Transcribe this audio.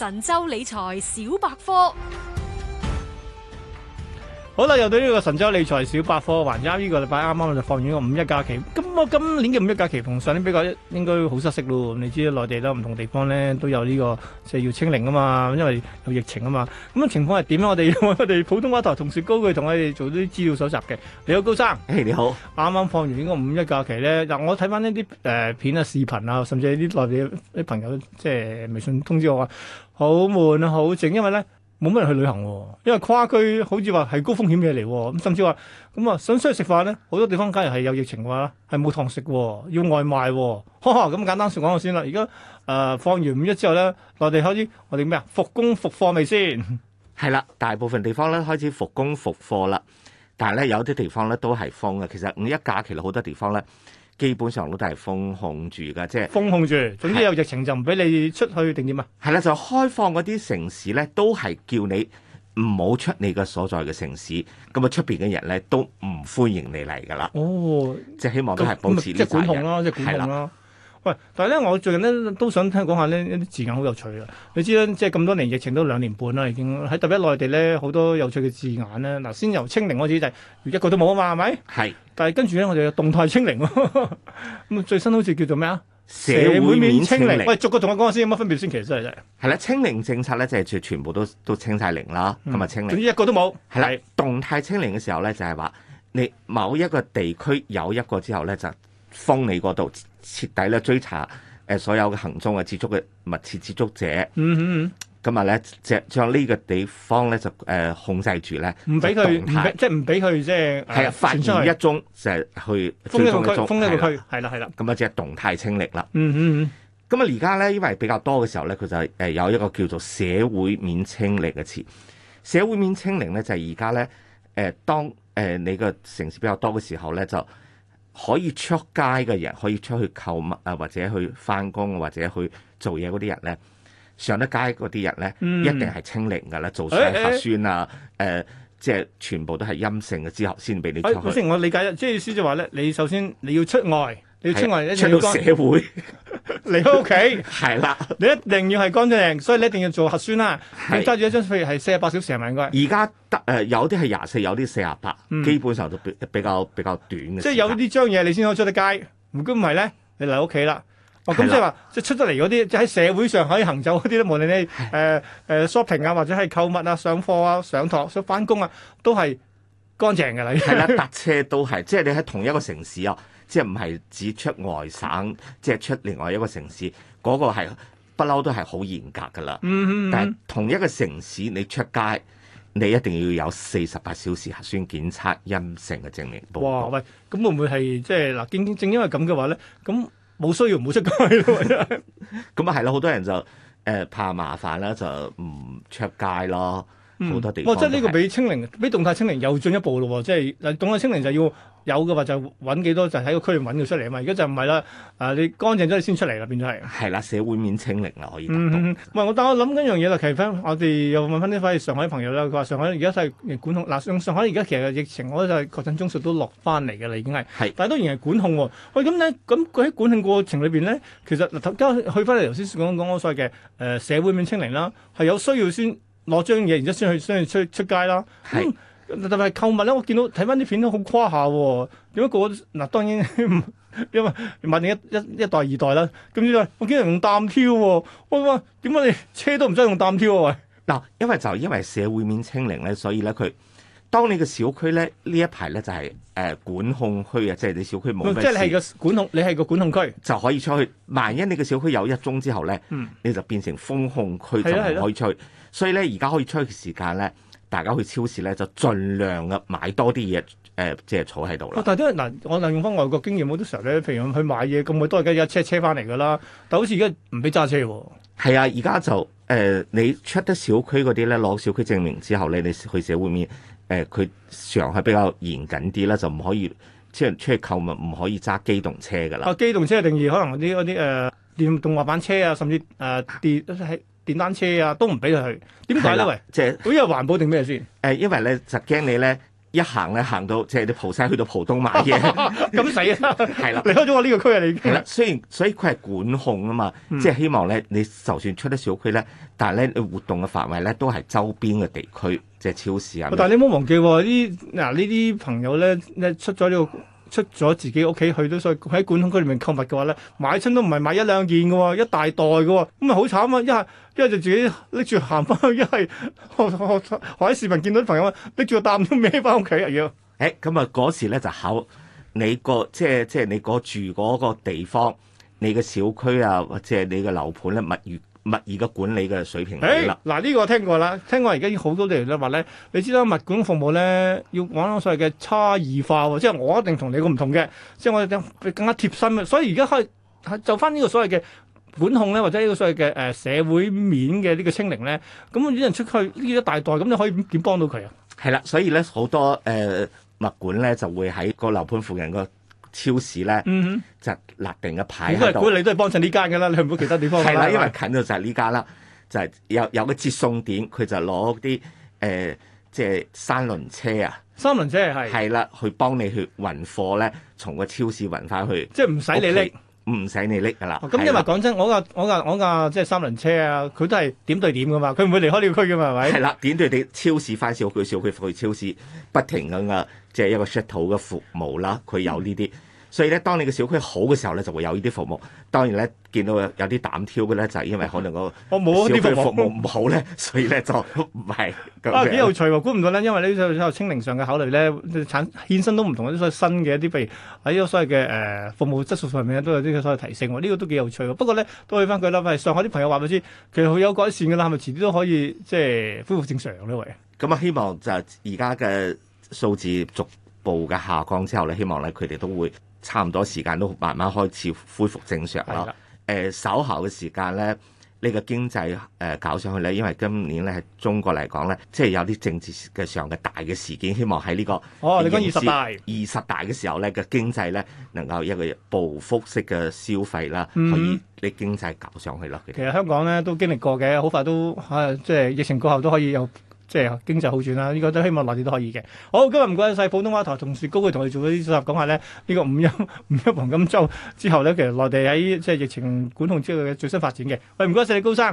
神州理財小百科。好啦，又到呢個神州理財小百科，還啱呢個禮拜啱啱就放完個五一假期。咁我今年嘅五一假期同上年比較，應該好失色咯。你知內地都，唔同地方咧都有呢個即係要清零啊嘛，因為有疫情啊嘛。咁嘅情況係點咧？我哋我哋普通話台同事高炬佢同我哋做啲資料蒐集嘅。你好，高生。誒，你好。啱啱放完呢個五一假期咧，嗱我睇翻呢啲誒片啊、視頻啊，甚至係啲內地啲朋友即係微信通知我話好悶啊、好靜，因為咧。冇乜人去旅行喎，因為跨區好似話係高風險嘢嚟，咁甚至話咁啊想出去食飯咧，好多地方梗係有疫情嘅話，係冇堂食喎，要外賣喎，呵呵，咁簡單説講咗先啦。而家誒放完五一之後咧，內地開始我哋咩啊復工復課未先？係啦，大部分地方咧開始復工復課啦，但係咧有啲地方咧都係放嘅。其實五一假期啦，好多地方咧。基本上都係封控住噶，即係封控住。總之有疫情就唔俾你出去定點啊？係啦，就開放嗰啲城市咧，都係叫你唔好出你個所在嘅城市。咁啊，出邊嘅人咧都唔歡迎你嚟噶啦。哦，即係希望都係保持呢啲管控啦，即係管控啦。喂，但係咧，我最近咧都想聽講下呢一啲字眼好有趣啊！你知啦，即係咁多年疫情都兩年半啦，已經喺特別內地咧，好多有趣嘅字眼啦。嗱，先由清零開始就係、是、一個都冇啊嘛，係咪？係是。但係跟住咧，我哋有動態清零咁 最新好似叫做咩啊？社會面清零。喂，逐個同我講下先，有乜分別先？其實真係真係。係啦，清零政策咧就係全全部都都清晒零啦，咁啊、嗯、清零。總之一個都冇。係啦的，的動態清零嘅時候咧，就係話你某一個地區有一個之後咧就。封你嗰度，徹底咧追查誒所有嘅行蹤嘅、接觸嘅密切接觸者。嗯哼嗯。咁啊咧，即係將呢個地方咧就誒控制住咧，唔俾佢，唔俾即係唔俾佢即係傳出去。係啊，發現一宗就係去封一個區，封一個區，係啦，係啦。咁啊，即係動態清零啦。嗯哼嗯。咁啊，而家咧因為比較多嘅時候咧，佢就係誒有一個叫做社會面清零嘅詞。社會面清零咧就係而家咧誒當誒你個城市比較多嘅時候咧就，就。就可以出街嘅人，可以出去購物啊，或者去返工，或者去做嘢嗰啲人咧，上得街嗰啲人咧，嗯、一定係清零噶啦，做曬核、哎哎哎、酸啊，誒、呃，即係全部都係陰性嘅之後，先俾你出去。唔、哎、我理解即係意思就話咧，你首先你要出外，你要出外、啊、一要出到社會。 離開屋企係啦， 的你一定要係乾淨，所以你一定要做核酸啦。你揸住的一張票係四十八小時啊，係咪應該？而家得誒，有啲係廿四，有啲四十八，基本上都比比較比較短嘅。即係有呢啲張嘢，你先可以出得街。如果唔係咧，你嚟屋企啦。的哦，咁即係話即係出得嚟嗰啲，即係喺社會上可以行走嗰啲咧，無論你誒誒 shopping 啊，或者係購物啊、上課啊、上堂、翻工啊，都係乾淨嘅啦。係啦，搭車都係，即係你喺同一個城市啊。 即係唔係指出外省，即係出另外一個城市，嗰、嗰個係不嬲都係好嚴格噶啦，嗯。嗯嗯，但係同一個城市你出街，你一定要有四十八小時核酸檢測陰性嘅證明。哇！喂，咁會唔會係即係嗱？正、就是、正因為咁嘅話咧，咁冇需要唔好出、呃、出街咯。咁啊係啦，好多人就誒怕麻煩啦，就唔出街咯。好多地方，嗯，即係呢個比清零，比動態清零又進一步咯喎，即係嗱，動態清零就要有嘅話就揾、是、幾多就喺、是、個區域揾佢出嚟啊嘛，而家就唔係啦，啊你乾淨咗你先出嚟啦，變咗係。係啦，社會面清零啊，可以。唔係我，但我諗一樣嘢就係，其實我哋又問翻啲翻上海朋友啦。佢話上海而家都係管控，嗱，上上海而家其實疫情，我就係確診宗數都落翻嚟㗎啦，已經係。但係當然係管控喎。喂，嗯，咁咧，咁佢喺管控過程裏邊咧，其實頭交去翻你頭先講講我所謂嘅誒社會面清零啦，係有需要先。攞張嘢，然之後先去，先去，去出出街啦。係是、嗯，特別係購物咧，我見到睇返啲片都好誇下。點解個嗱？當然，因為問你一一一代二代啦。咁點啊？我竟然用擔挑喎，喂，點解你車都唔使用擔挑喎？嗱，因為就因為社會面清零咧，所以咧佢，當你嘅小區咧呢一排咧就係、是。誒、呃，管控區啊，即係你小區冇，即係你係個管控，你係個管控區就可以出去。萬一你個小區有一宗之後咧，嗯、你就變成封控區、嗯、就唔可以出去。嗯、所以咧，而家可以出去嘅時間咧，大家去超市咧就盡量啊買多啲嘢，誒、呃，即係坐喺度啦。但係都嗱，我又用翻外國經驗，好多時候咧，譬如去買嘢咁，佢都係一車車翻嚟噶啦。但好似而家唔俾揸車、哦，係啊，而家就誒、呃，你出得小區嗰啲咧，攞小區證明之後咧，你去社會面。誒佢常係比較嚴謹啲啦，就唔可以即係、就是、出去購物唔可以揸機動車㗎喇。啊，機動車嘅定義可能啲嗰啲誒電動滑板車啊，甚至誒電喺電單車啊，都唔俾佢去。點解咧？喂，即係因為環保定咩先？誒、呃，因為咧就驚你咧。一行咧行到即係浦西去到浦東買嘢，咁死 啊？係啦 了，離開咗我呢個區啊！你係啦，雖然所以佢係管控啊嘛，嗯、即係希望咧，你就算出得小區咧，但係咧活動嘅範圍咧都係周邊嘅地區，即係超市啊。但係你唔好忘記喎、哦，啲嗱呢啲朋友咧，你出咗呢、這個。出咗自己屋企去都，所以喺管控區裏面購物嘅話咧，買親都唔係買一兩件㗎喎，一大袋㗎喎，咁咪好慘啊！一係一係就自己拎住行翻去，一係我我喺視頻見到啲朋友啊，拎住個擔都孭翻屋企啊。要。誒咁啊，嗰、嗯、時咧就考你個即係即係你個住嗰個地方，你嘅小區啊或者係你嘅樓盤咧物業。物業嘅管理嘅水平啦，嗱呢、哎這個我聽過啦，聽過而家已經好多地人都話咧，你知道物管服務咧要講所謂嘅差異化喎，即係我一定你同你個唔同嘅，即係我哋更加貼身，所以而家可以就翻呢個所謂嘅管控咧，或者呢個所謂嘅誒社會面嘅呢個清零咧，咁啲人出去呢一大袋，咁你可以點幫到佢啊？係啦，所以咧好多誒、呃、物管咧就會喺個樓盤附近個超市咧、嗯、哼就立定嘅牌如果、嗯、哼你都係幫襯呢間噶啦，你唔好其他地方。係啦，因為近咗就係呢間啦，就係有有個接送點，佢就攞啲誒，即係三輪車啊，三輪車係係啦，去幫你去運貨咧，從個超市運翻去，即係唔使你拎。唔使你拎噶啦，咁、哦嗯、的因為講真，我架我架我架即係三輪車啊，佢都係點對點噶嘛，佢唔會離開呢個區噶嘛，係咪？係啦，點對點超市返小區小區，佢去超市不停咁啊，即、就、係、是、一個 shuttle 嘅服務啦，佢有呢啲。嗯。所以咧，當你個小區好嘅時候咧，就會有呢啲服務。當然咧，見到有啲膽挑嘅咧，就係、因為可能個小區服務唔好咧，所以咧就唔係。啊，幾有趣喎！估唔到咧，因為呢啲清零上嘅考慮咧，產衍生都唔同嘅啲新嘅一啲，譬如喺呢個所謂嘅誒、呃、服務質素上面都有啲所謂提升喎。呢、這個都幾有趣喎。不過咧，都去翻佢啦。咪上海啲朋友話俾你知，其實佢有改善㗎啦。係咪遲啲都可以即係恢復正常呢？喂，咁啊，希望就係而家嘅數字逐步嘅下降之後咧，希望咧佢哋都會。差唔多時間都慢慢開始恢復正常咯。誒的，稍後嘅時間咧，呢、這個經濟誒、呃、搞上去咧，因為今年咧係中國嚟講咧，即係有啲政治嘅上嘅大嘅事件，希望喺呢、這個哦，你講二十大，二十大嘅時候咧嘅、這個、經濟咧能夠一個報復式嘅消費啦，嗯、可以啲經濟搞上去咯。其實香港咧都經歷過嘅，好快都嚇、啊，即係疫情過後都可以有。即係經濟好轉啦，呢個都希望內地都可以嘅。好，今日唔該曬普通話台同事高炬同你做一啲綜合講下咧，呢個五一五一黃金周之後咧，其實內地喺即係疫情管控之類嘅最新發展嘅。喂，唔該曬你高生。